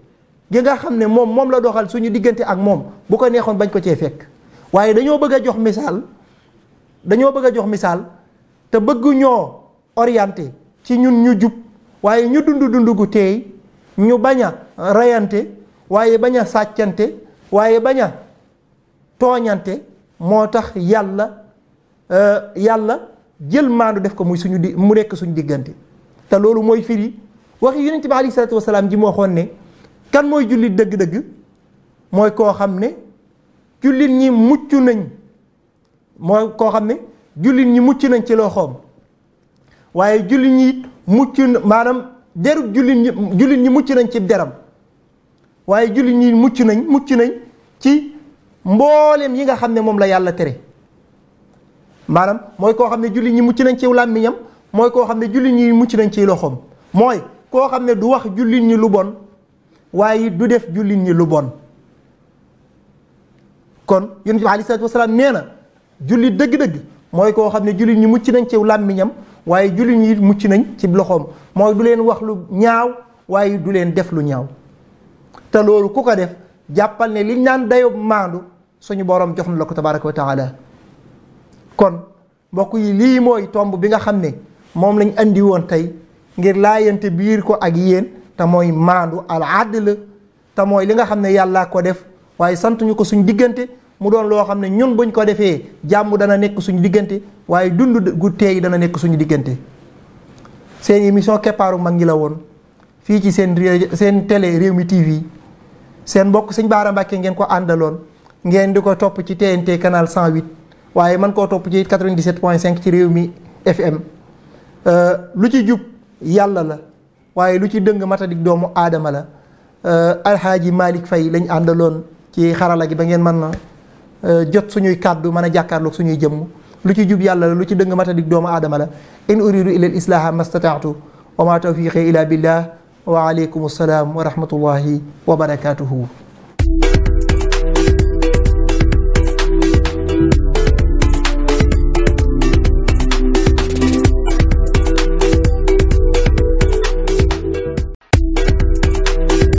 Speaker 1: gi nga xam ne moom moom la doxal suñu diggante ak moom bu ko neexoon bañ ko cee fekk waaye dañoo bëgg a jox misaal dañoo bëgg a jox misaal te bëgg ñoo orienté ci ñun ñu jub waaye ñu dund dund gu teey ñu bañ a reyante waaye bañ a sàccante waaye bañ a tooñante moo tax yàlla euh, yàlla jël maandu def ko muy suñu di mu nekk suñu diggante te loolu mooy firi waxi yonent bi alayhi salaatu wasalaam ji moo waxoon ne kan mooy jullit dëgg-dëgg mooy koo xam ne jullit ñi mucc nañ mooy koo xam ne jullit ñi mucc nañ ci loxoom waaye jullit ñi mucc maanaam derub jullit ñi mucc nañ ci deram waaye jullit ñi mucc nañ mucc nañ ci mbooleem yi nga xam ne moom la yàlla tere maanaam mooy koo xam ne julli ñi mucc nañ ci làmmiñam mooy koo xam ne julli ñi mucc nañ ci loxoom mooy koo xam ne du wax jullit ñi lu bon waaye du def jullit ñi lu bon kon yonent bi aleyhi salaatu wasalaam na jullit dëgg mooy koo xam ne jullit ñi mucc nañ ci làmbiñam waaye jullit ñi mucc nañ ci loxoom mooy du leen wax lu ñaaw waaye du leen def lu ñaaw te loolu ku ko def jàppal ne liñ naan dayob maandu suñu borom jox na la ko tabaaraka wa taala kon mbokk yi lii mooy tomb bi nga xam ne moom lañ indi woon tey ngir laayante biir ko ak yéen te mooy maandu al adl te mooy li nga xam ne yàllaa ko def waaye sant ñu ko suñu diggante mu doon loo xam ne ñun buñ ko defee jàmm dana nekk suñu diggante waaye dund gu teey dana nekk suñu diggante seen émission keppaaru mag ñi la woon fii ci seen seen tele réew mi TV seen mbokk sëñ Baara Mbàkke ngeen ko àndaloon ngeen di ko topp ci TNT canal 108 waaye man koo topp ci 97 point ci réew mi FM euh, lu ci jub yàlla la waaye lu ci dëng matadik doomu aadama la euh, alxaaji Malick Faye lañ àndaloon ci xarala gi ba ngeen mën na euh, jot suñuy kàddu mën a jàkkaarloog suñuy jëmm lu ci jub yàlla la lu ci dëng matadik doomu aadama la in uridu ila al islaaha mastataatu wa ma tawfiqi ila billah wa aleykum assalaam wa rahmatullahi wa barakatuhu